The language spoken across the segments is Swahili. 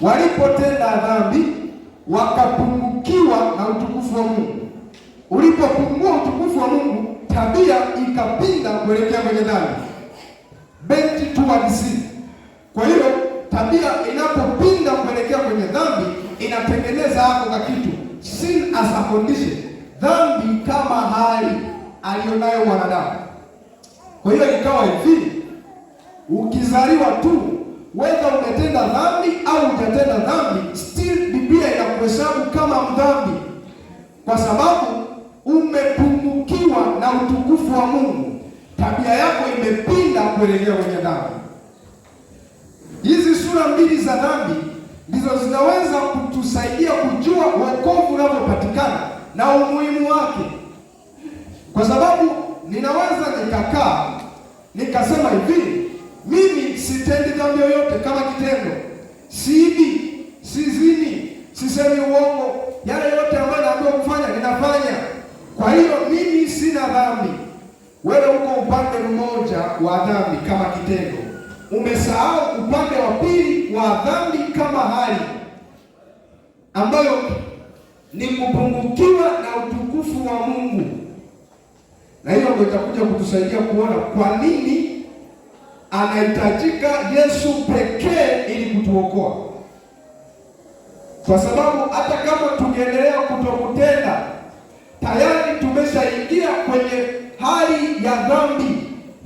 walipotenda dhambi wakapungukiwa na utukufu wa Mungu. Ulipopungua utukufu wa Mungu, tabia ikapinda kuelekea kwenye dhambi, benti tu sin. Kwa hiyo tabia inapopinda kuelekea kwenye dhambi inatengeneza hapo ka kitu sin as a condition, dhambi kama hali aliyonayo mwanadamu. Kwa hiyo ikawa hivi, ukizaliwa tu Whether umetenda dhambi au hujatenda dhambi, still Biblia inakuhesabu kama mdhambi, kwa sababu umepungukiwa na utukufu wa Mungu. Tabia yako imepinda kuelekea kwenye dhambi. Hizi sura mbili za dhambi ndizo zinaweza kutusaidia kujua wokovu unavyopatikana na umuhimu wake, kwa sababu ninaweza nikakaa nikasema hivi mimi sitendi dhambi yoyote kama kitendo, siibi, sizini, sisemi uongo. Yale yote ambayo naambiwa kufanya ninafanya. Kwa hiyo mimi sina dhambi. Wewe uko upande mmoja wa dhambi kama kitendo, umesahau upande wa pili wa dhambi kama hali ambayo ni kupungukiwa na utukufu wa Mungu, na hiyo ndio itakuja kutusaidia kuona kwa nini anahitajika Yesu pekee ili kutuokoa, kwa sababu hata kama tungeendelea kutokutenda, tayari tumeshaingia kwenye hali ya dhambi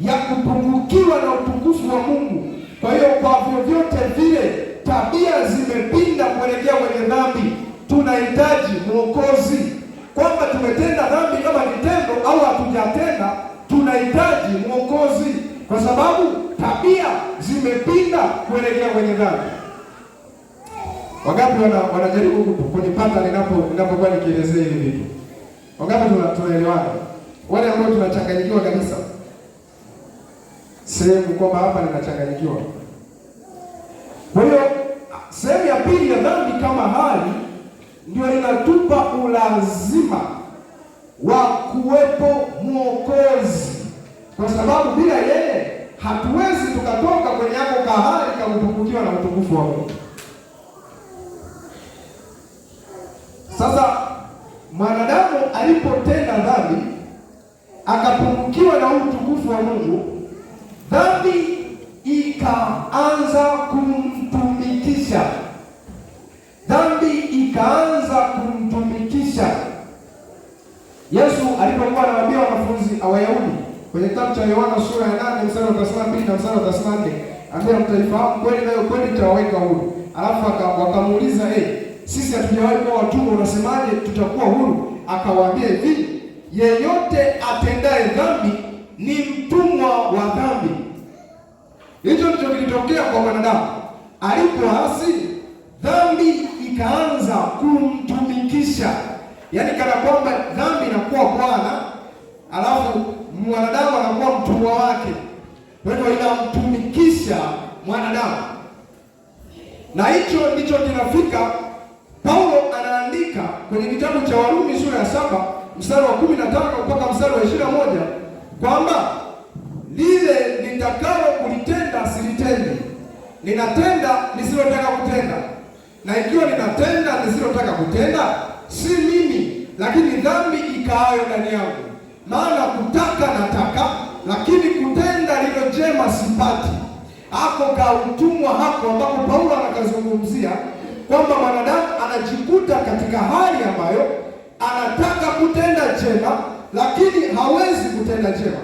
ya kupungukiwa na utukufu wa Mungu. Kwa hiyo kwa vyovyote vile tabia zimepinda kuelekea kwenye dhambi, tunahitaji mwokozi. kuelekea kwenye dhambi. Wangapi wanajaribu kunipata ninapokuwa nikielezea hivi vitu? Wangapi tunaelewana? Wale ambao tunachanganyikiwa kabisa sehemu kwamba hapa ninachanganyikiwa. Kwa hiyo sehemu ya pili ya dhambi kama hali ndio inatupa ulazima wa kuwepo Mwokozi, kwa sababu bila yeye hatuwezi tukatoka kwenye hapo kahari kautukukiwa na utukufu wa Mungu. Sasa mwanadamu alipotenda dhambi akapungukiwa na utukufu wa Mungu, dhambi ikaanza kumtumikisha, dhambi ikaanza kumtumikisha. Yesu alipokuwa anawaambia wanafunzi Wayahudi kwenye kitabu cha Yohana sura ya nane mstari wa thelathini na mbili na mstari wa thelathini na nne mtaifahamu kweli nayo kweli itawaweka huru. Alafu wakamuuliza hey, eh, sisi hatujawahi kuwa watumwa, unasemaje tutakuwa huru? Akawaambia hivi, yeyote atendaye dhambi ni mtumwa wa dhambi. Hicho ndicho kilitokea kwa mwanadamu alipoasi, dhambi ikaanza kumtumikisha, yaani kana kwamba dhambi inakuwa bwana alafu mwanadamu anakuwa mtumwa wake, ndio inamtumikisha mwanadamu, na hicho ndicho kinafika. Paulo anaandika kwenye kitabu cha Warumi sura ya saba mstari wa kumi na tano mpaka mstari wa ishirini na moja kwamba lile nitakalo kulitenda silitende, ninatenda nisilotaka kutenda, na ikiwa ninatenda nisilotaka kutenda, si mimi, lakini dhambi ikaayo ndani yangu maana kutaka nataka, lakini kutenda lilo jema sipati. Hako ka utumwa hako ambapo Paulo anakazungumzia kwamba mwanadamu anajikuta katika hali ambayo anataka kutenda jema, lakini hawezi kutenda jema,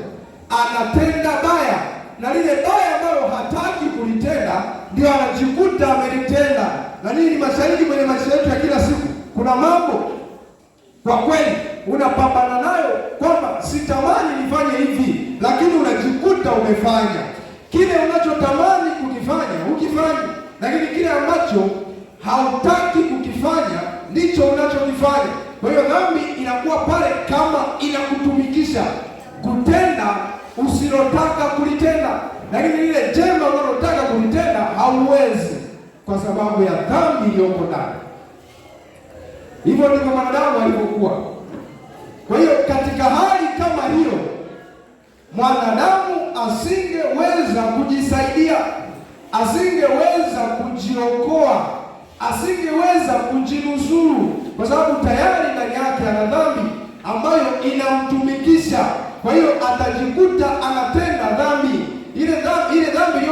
anatenda baya, na lile baya ambalo hataki kulitenda ndio anajikuta amelitenda. Na nini ni mashahidi kwenye maisha yetu ya kila siku, kuna mambo kwa kweli unapambana nayo kwamba sitamani nifanye hivi, lakini unajikuta umefanya kile unachotamani kukifanya, ukifanya, lakini kile ambacho hautaki kukifanya ndicho unachokifanya. Kwa hiyo dhambi inakuwa pale kama inakutumikisha kutenda usilotaka kulitenda, lakini lile jema unalotaka kulitenda hauwezi, kwa sababu ya dhambi iliyoko ndani. Hivyo ndivyo mwanadamu alivyokuwa. Kwa hiyo katika hali kama hiyo, mwanadamu asingeweza kujisaidia, asingeweza kujiokoa, asingeweza kujinusuru, kwa sababu tayari ndani yake ana dhambi ambayo inamtumikisha. Kwa hiyo atajikuta anatenda dhambi ile dhambi ile dhambi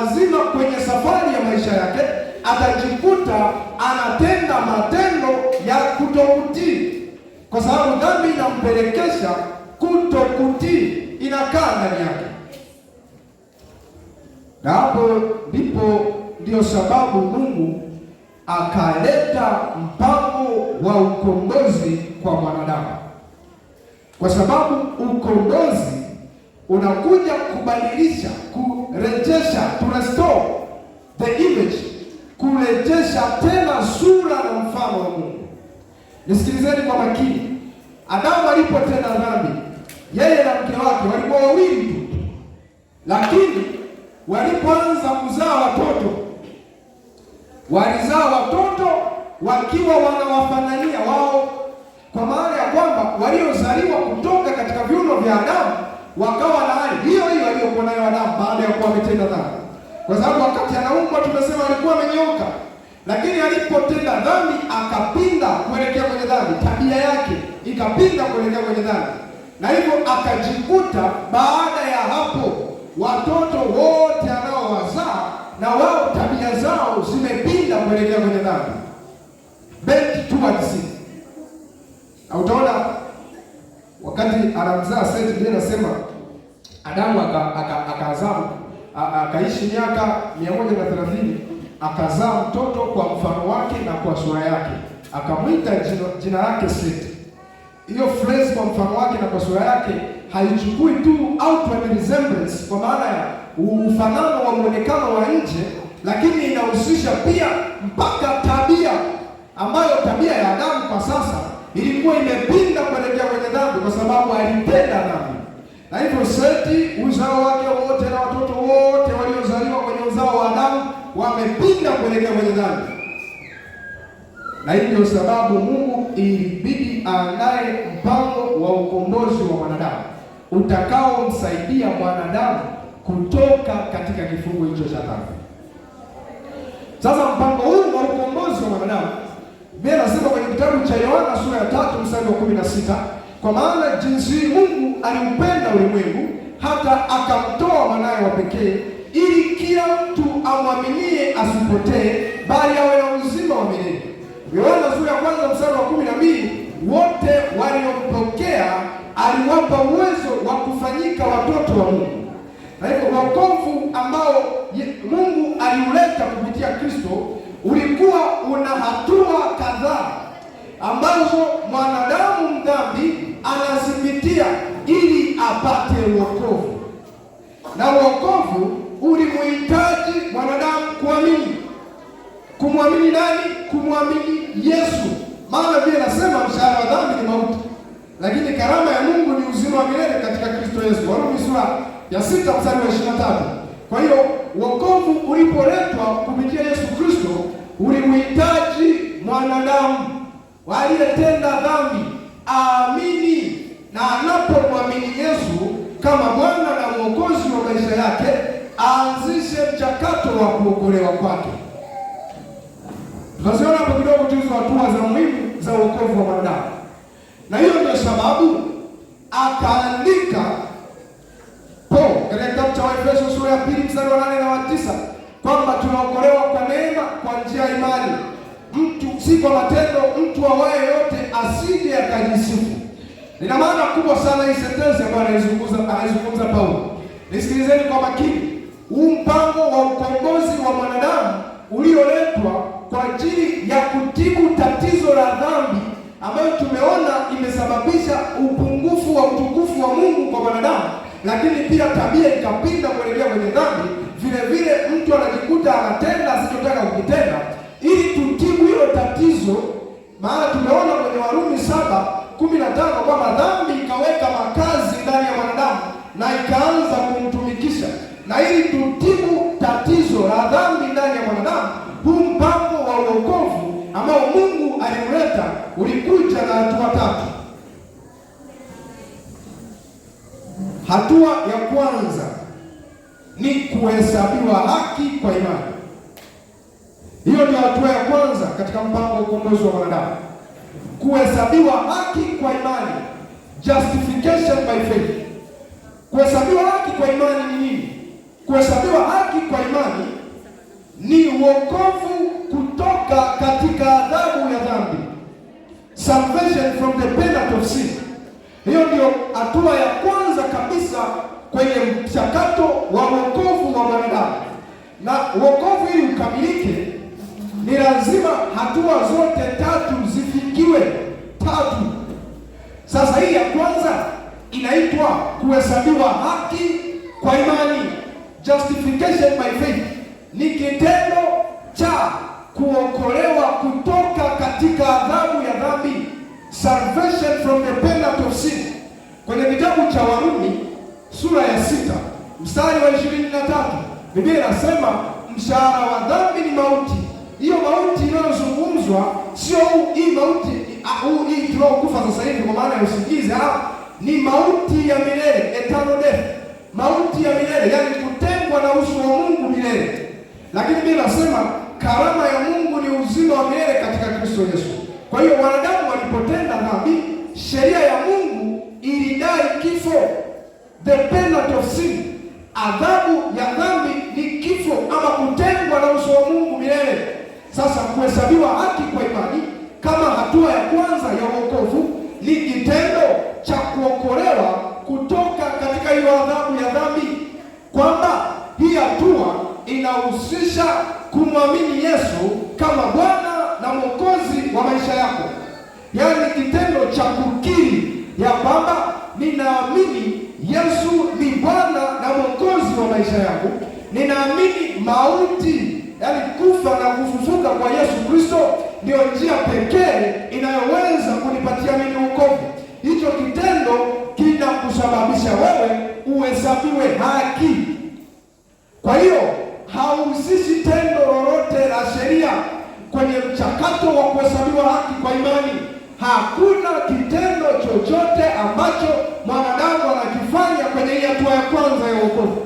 lazima kwenye safari ya maisha yake atajikuta anatenda matendo ya kutokutii, kwa sababu dhambi inampelekesha kutokutii, inakaa ndani yake, na hapo ndipo ndiyo sababu Mungu akaleta mpango wa ukombozi kwa mwanadamu, kwa sababu ukombozi unakuja kubadilisha ku Nisikilizeni kwa makini. Adamu alipotenda dhambi, yeye na mke wake walikuwa wawili tu, lakini walipoanza kuzaa watoto, walizaa watoto wakiwa wanawafanania wao, kwa maana ya kwamba waliozaliwa kutoka katika viuno vya Adamu wakawa na hali hiyo hiyo aliyokuwa nayo Adamu baada ya kuwa ametenda dhambi, kwa sababu wakati anaumba tumesema alikuwa amenyoka lakini alipotenda dhambi akapinda kuelekea kwenye dhambi, tabia yake ikapinda kuelekea kwenye dhambi, na hivyo akajikuta baada ya hapo watoto wote anaowazaa na wao tabia zao zimepinda kuelekea kwenye dhambi, back towards sin. Na utaona wakati anamzaa Seti, ndiye anasema Adamu akazaa akaishi miaka mia moja na thelathini akazaa mtoto kwa mfano wake na kwa sura yake, akamwita jina, jina lake Seti. Hiyo phrase kwa mfano wake na kwa sura yake haichukui tu outward resemblance, kwa maana ya ufanano wa mwonekano wa nje, lakini inahusisha pia mpaka tabia, ambayo tabia ya Adamu kwa sasa ilikuwa imepinda kuelekea kwenye dhambi, kwa sababu alipenda dhambi, na hivyo Seti, uzao wake wote na watoto wote waliozaliwa kwenye uzao wa Adamu wamepinda kuelekea kwenye dhambi, na hii ndio sababu Mungu ilibidi aandaye mpango wa ukombozi wa mwanadamu utakaomsaidia mwanadamu kutoka katika kifungo hicho cha dhambi. Sasa mpango huu wa ukombozi wa mwanadamu Biblia inasema kwenye kitabu cha Yohana sura ya tatu mstari wa kumi na sita kwa maana jinsi Mungu aliupenda ulimwengu hata akamtoa mwanaye wa pekee ili kila mtu amwaminie asipotee, bali awe na uzima wa milele. Yohana sura ya kwanza mstari wa kumi na mbili wote waliompokea aliwapa uwezo wa kufanyika watoto wa Mungu. Na hivyo wokovu ambao Mungu aliuleta kupitia Kristo ulikuwa una hatua kadhaa ambazo mwanadamu mdhambi anazipitia ili apate wokovu, na wokovu ulimuhitaji mwanadamu kuamini. Kumwamini nani? Kumwamini Yesu, maana vile nasema mshahara wa dhambi ni mauti, lakini karama ya Mungu ni uzima wa milele katika Kristo Yesu, Warumi sura ya sita mstari wa ishirini na tatu. Kwa hiyo wokovu ulipoletwa kupitia Yesu Kristo ulimuhitaji mwanadamu aliyetenda dhambi aamini, na anapomwamini Yesu kama Bwana na Mwokozi wa maisha yake aanzishe mchakato wa kuokolewa kwake. Tunaziona hapo kidogo tuizo hatua za muhimu za uokovu wa mwanadamu, na hiyo ndio sababu akaandika po katika kitabu cha Waefeso sura ya pili mstari wa nane na wa tisa kwamba tunaokolewa kwa neema kwa njia ya imani, mtu si kwa matendo, mtu awaye yote asije akajisifu. ina maana kubwa sana hii sentensi ambayo anaizungumza Paulo, nisikilizeni kwa makini huu mpango wa ukombozi wa mwanadamu ulioletwa kwa ajili ya kutibu tatizo la dhambi ambayo tumeona imesababisha upungufu wa utukufu wa Mungu kwa mwanadamu, lakini pia tabia ikapinda kuelekea kwenye dhambi. Vile vile mtu anajikuta anatenda asichotaka kukitenda, ili tutibu hilo tatizo. Maana tumeona kwenye Warumi saba kumi na tano kwamba dhambi ikaweka makazi ndani ya mwanadamu na ikaanza kumtumikisha na ili tutibu tatizo la dhambi ndani ya mwanadamu. Huu mpango wa uokovu ambao Mungu alimleta ulikuja na hatua tatu. Hatua ya kwanza ni kuhesabiwa haki kwa imani. Hiyo ndio hatua ya kwanza katika mpango wa ukombozi wa mwanadamu, kuhesabiwa haki kwa imani, justification by faith. Kuhesabiwa haki kwa imani ni nini? kuhesabiwa haki kwa imani ni wokovu kutoka katika adhabu ya dhambi, salvation from the penalty of sin. Hiyo ndio hatua ya kwanza kabisa kwenye mchakato wa wokovu wa mwanadamu, na wokovu ili ukamilike ni lazima hatua zote tatu zifikiwe. Tatu. Sasa hii ya kwanza inaitwa kuhesabiwa haki kwa imani. Justification by faith ni kitendo cha kuokolewa kutoka katika adhabu ya dhambi, salvation from the penalty of sin. Kwenye kitabu cha Warumi sura ya sita mstari wa 23 Biblia inasema mshahara wa dhambi ni mauti. Hiyo mauti inayozungumzwa sio hii mauti huu hii tunaokufa sasa hivi kwa maana ya usingizi, ni mauti ya milele, eternal death mauti ya milele, yani kutengwa na uso wa Mungu milele. Lakini mimi nasema karama ya Mungu ni uzima wa milele katika Kristo Yesu. Kwa hiyo wanadamu walipotenda dhambi, sheria ya Mungu ilidai kifo, the penalty of sin. Adhabu ya dhambi ni kifo ama kutengwa na uso wa Mungu milele. Sasa kuhesabiwa haki kwa imani kama hatua ya kwanza ya wokovu ni kitendo cha kuokolewa inahusisha kumwamini Yesu kama Bwana na Mwokozi wa maisha yako, yaani kitendo cha kukiri ya kwamba ninaamini Yesu ni Bwana na Mwokozi wa maisha yangu, ninaamini mauti, yaani kufa na kufufuka kwa Yesu Kristo ndiyo njia pekee inayoweza kunipatia mimi wokovu. Hicho kitendo kinakusababisha wewe uhesabiwe haki. Kwa hiyo kwenye mchakato wa kuhesabiwa haki kwa imani. Hakuna kitendo chochote ambacho mwanadamu anakifanya kwenye hii hatua ya kwanza ya wokovu.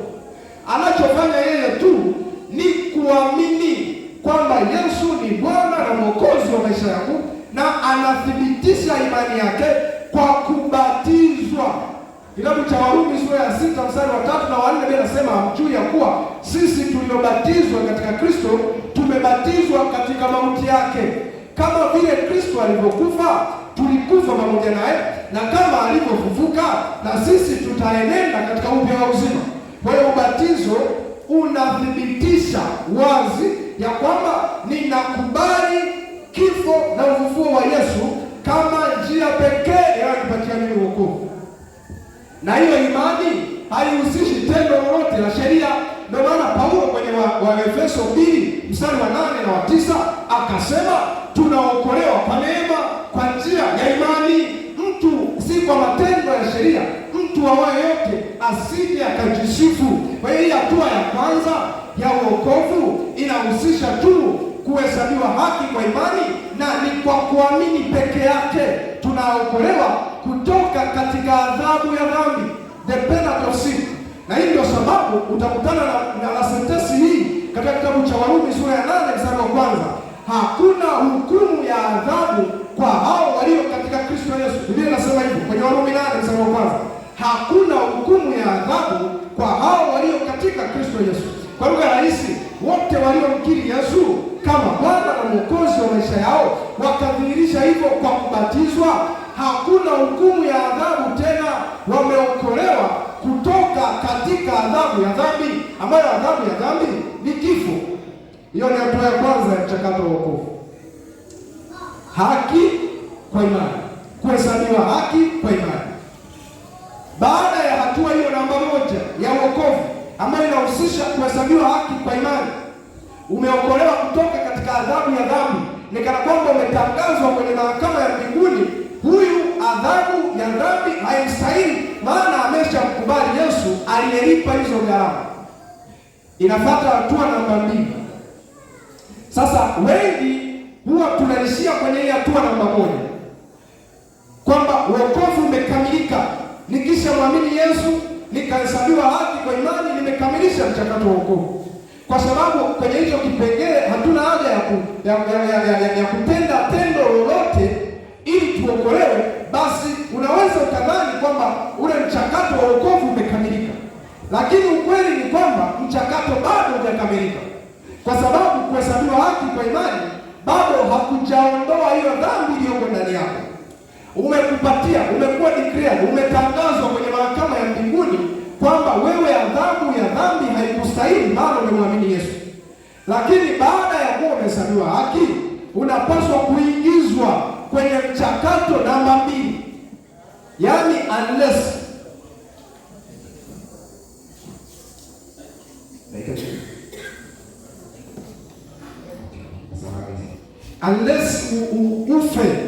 Anachofanya yeye tu ni kuamini kwamba Yesu ni Bwana na Mwokozi wa maisha yangu, na anathibitisha imani yake kwa kubatizwa Kitabu cha Warumi sura ya sita mstari wa tatu na wanne Biblia inasema juu ya kuwa sisi tuliobatizwa katika Kristo tumebatizwa katika mauti yake, kama vile Kristo alivyokufa tulikufa pamoja naye, na kama alivyofufuka na sisi tutaenenda katika upya wa uzima. Kwa hiyo ubatizo unathibitisha wazi ya kwamba ninakubali kifo na ufufuo wa Yesu kama njia pekee inayokupatia mimi wokovu na hiyo imani haihusishi tendo lolote la sheria. Ndio maana Paulo kwenye Waefeso wa mbili mstari wa nane na wa tisa akasema tunaokolewa kwa neema kwa njia ya imani, mtu si kwa matendo ya sheria, mtu awaye yote asije akajisifu. Kwa hiyo hii hatua ya kwanza ya uokovu inahusisha tu kuhesabiwa haki kwa imani na ni kwa kuamini peke yake tunaokolewa kutoka katika adhabu ya dhambi, the penalty of sin. Na hii ndio sababu utakutana na, na sentensi hii katika kitabu cha Warumi sura ya 8 mstari wa kwanza, hakuna hukumu ya adhabu kwa hao walio katika Kristo Yesu. Biblia inasema hivyo kwenye Warumi 8 mstari wa kwanza, hakuna hukumu ya adhabu kwa hao walio katika Kristo Yesu. Kwa lugha rahisi, wote waliomkiri Yesu kama Bwana na Mwokozi wa maisha yao, wakadhihirisha hivyo kwa kubatizwa, hakuna hukumu ya adhabu tena, wameokolewa kutoka katika adhabu ya dhambi, ambayo adhabu ya dhambi ni kifo. Hiyo ni hatua ya kwanza ya mchakato wa wokovu: haki kwa imani, kuhesabiwa haki kwa imani. Baada ya hatua hiyo namba moja ya wokovu ambayo inahusisha kuhesabiwa haki kwa imani umeokolewa kutoka katika adhabu ya dhambi, ni kana kwamba umetangazwa kwenye mahakama ya mbinguni, huyu adhabu ya dhambi haimstahili, maana ameshamkubali Yesu aliyelipa hizo gharama. Inafuata hatua namba mbili. Sasa wengi huwa tunaishia kwenye hii hatua namba moja kwamba wokovu umekamilika, nikisha mwamini Yesu nikahesabiwa haki kwa imani, nimekamilisha mchakato wa wokovu kwa sababu kwenye hicho kipengele hatuna haja ya, ku, ya, ya, ya, ya, ya kutenda tendo lolote ili tuokolewe. Basi unaweza ukadhani kwamba ule mchakato wa wokovu umekamilika, lakini ukweli ni kwamba mchakato bado hujakamilika, kwa sababu kuhesabiwa haki kwa imani bado hakujaondoa hiyo dhambi iliyoko ndani yako. Umekupatia, umekuwa declared, umetangazwa kwenye mahakama ya mbinguni kwamba wewe adhabu ya dhambi hili, maana umemwamini Yesu. Lakini baada ya kuwa umehesabiwa haki, unapaswa kuingizwa kwenye mchakato namba mbili, yaani unless unless ufe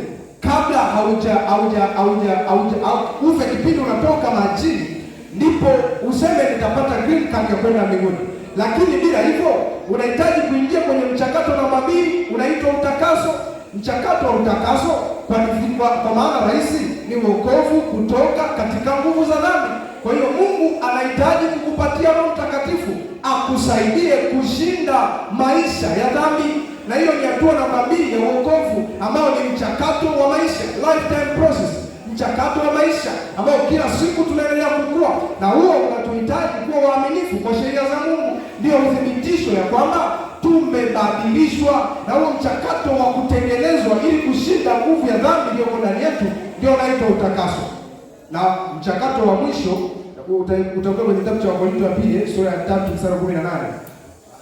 kabla hauja hauja hauja hauja ufe, kipindi unatoka majini, ndipo useme nitapata green card ya kwenda mbinguni. Lakini bila hivyo unahitaji kuingia kwenye mchakato namba mbili unaitwa utakaso. Mchakato wa utakaso kwa, kwa, kwa maana rahisi ni wokovu kutoka katika nguvu za dhambi. Kwa hiyo Mungu anahitaji kukupatia Roho Mtakatifu akusaidie kushinda maisha ya dhambi, na hiyo ni hatua namba mbili ya wokovu, ambayo ni mchakato wa maisha, lifetime process mchakato wa maisha ambao kila siku tunaendelea kukua, na huo unatuhitaji kuwa waaminifu kwa sheria za Mungu. Ndiyo uthibitisho ya kwamba tumebadilishwa, na huo mchakato wa kutengenezwa ili kushinda nguvu ya dhambi iliyoko ndani yetu ndio unaitwa utakaso, na mchakato wa mwisho utakuwa kwenye kitabu cha Wakorintho wa pili sura ya tatu mstari kumi na nane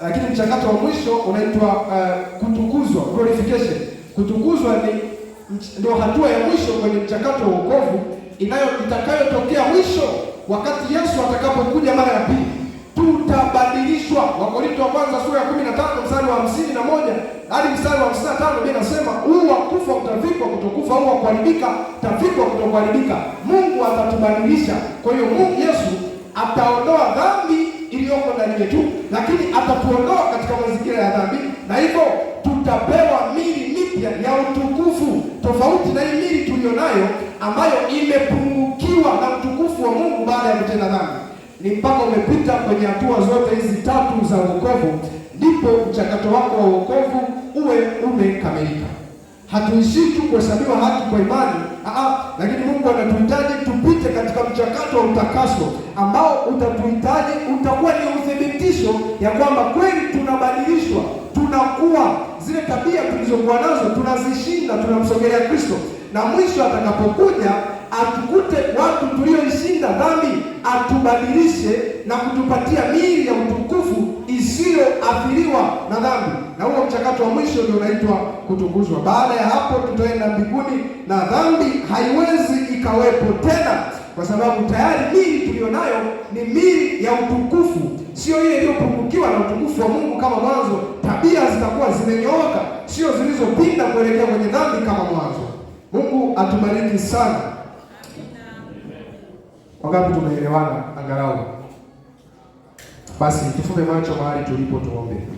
lakini mchakato wa mwisho unaitwa uh, kutukuzwa, glorification. Kutukuzwa ni ndio hatua ya mwisho kwenye mchakato wa wokovu inayo itakayotokea mwisho wakati Yesu atakapokuja mara ya pili, tutabadilishwa. Wakorinto wa kwanza sura ya 15 mstari wa 51 hadi mstari wa 55, Biblia inasema huu wa kufa utavikwa kutokufa, huu wa kuharibika utavikwa kutokuharibika. Mungu atatubadilisha. Kwa hiyo Mungu Yesu ataondoa dhambi iliyoko ndani yetu, lakini atatuondoa katika mazingira ya dhambi, na hivyo tutapewa mili mipya ya utukufu tofauti na hii miili tuliyonayo ambayo imepungukiwa na utukufu wa Mungu baada ya kutenda dhambi. Ni mpaka umepita kwenye hatua zote hizi tatu za wokovu, ndipo mchakato wako wa wokovu uwe umekamilika. Hatuishii tu kuhesabiwa haki kwa imani aa, lakini Mungu anatuhitaji tupite katika mchakato wa utakaso ambao utatuhitaji, utakuwa ni uthibitisho ya kwamba kweli tunabadilishwa tunakuwa zile tabia tulizokuwa nazo tunazishinda, tunamsogelea Kristo, na mwisho atakapokuja atukute watu tulioishinda dhambi, atubadilishe na kutupatia miili ya utukufu isiyoathiriwa na dhambi, na huo mchakato wa mwisho ndio unaitwa kutukuzwa. Baada ya hapo, tutaenda mbinguni na dhambi haiwezi ikawepo tena kwa sababu tayari miili tuliyonayo ni miili ya utukufu, sio ile iliyopungukiwa na utukufu wa Mungu kama mwanzo. Tabia zitakuwa zimenyooka, sio zilizopinda kuelekea kwenye dhambi kama mwanzo. Mungu atubariki sana. Wangapi tumeelewana angalau? Basi tufunge macho mahali tulipo, tuombe.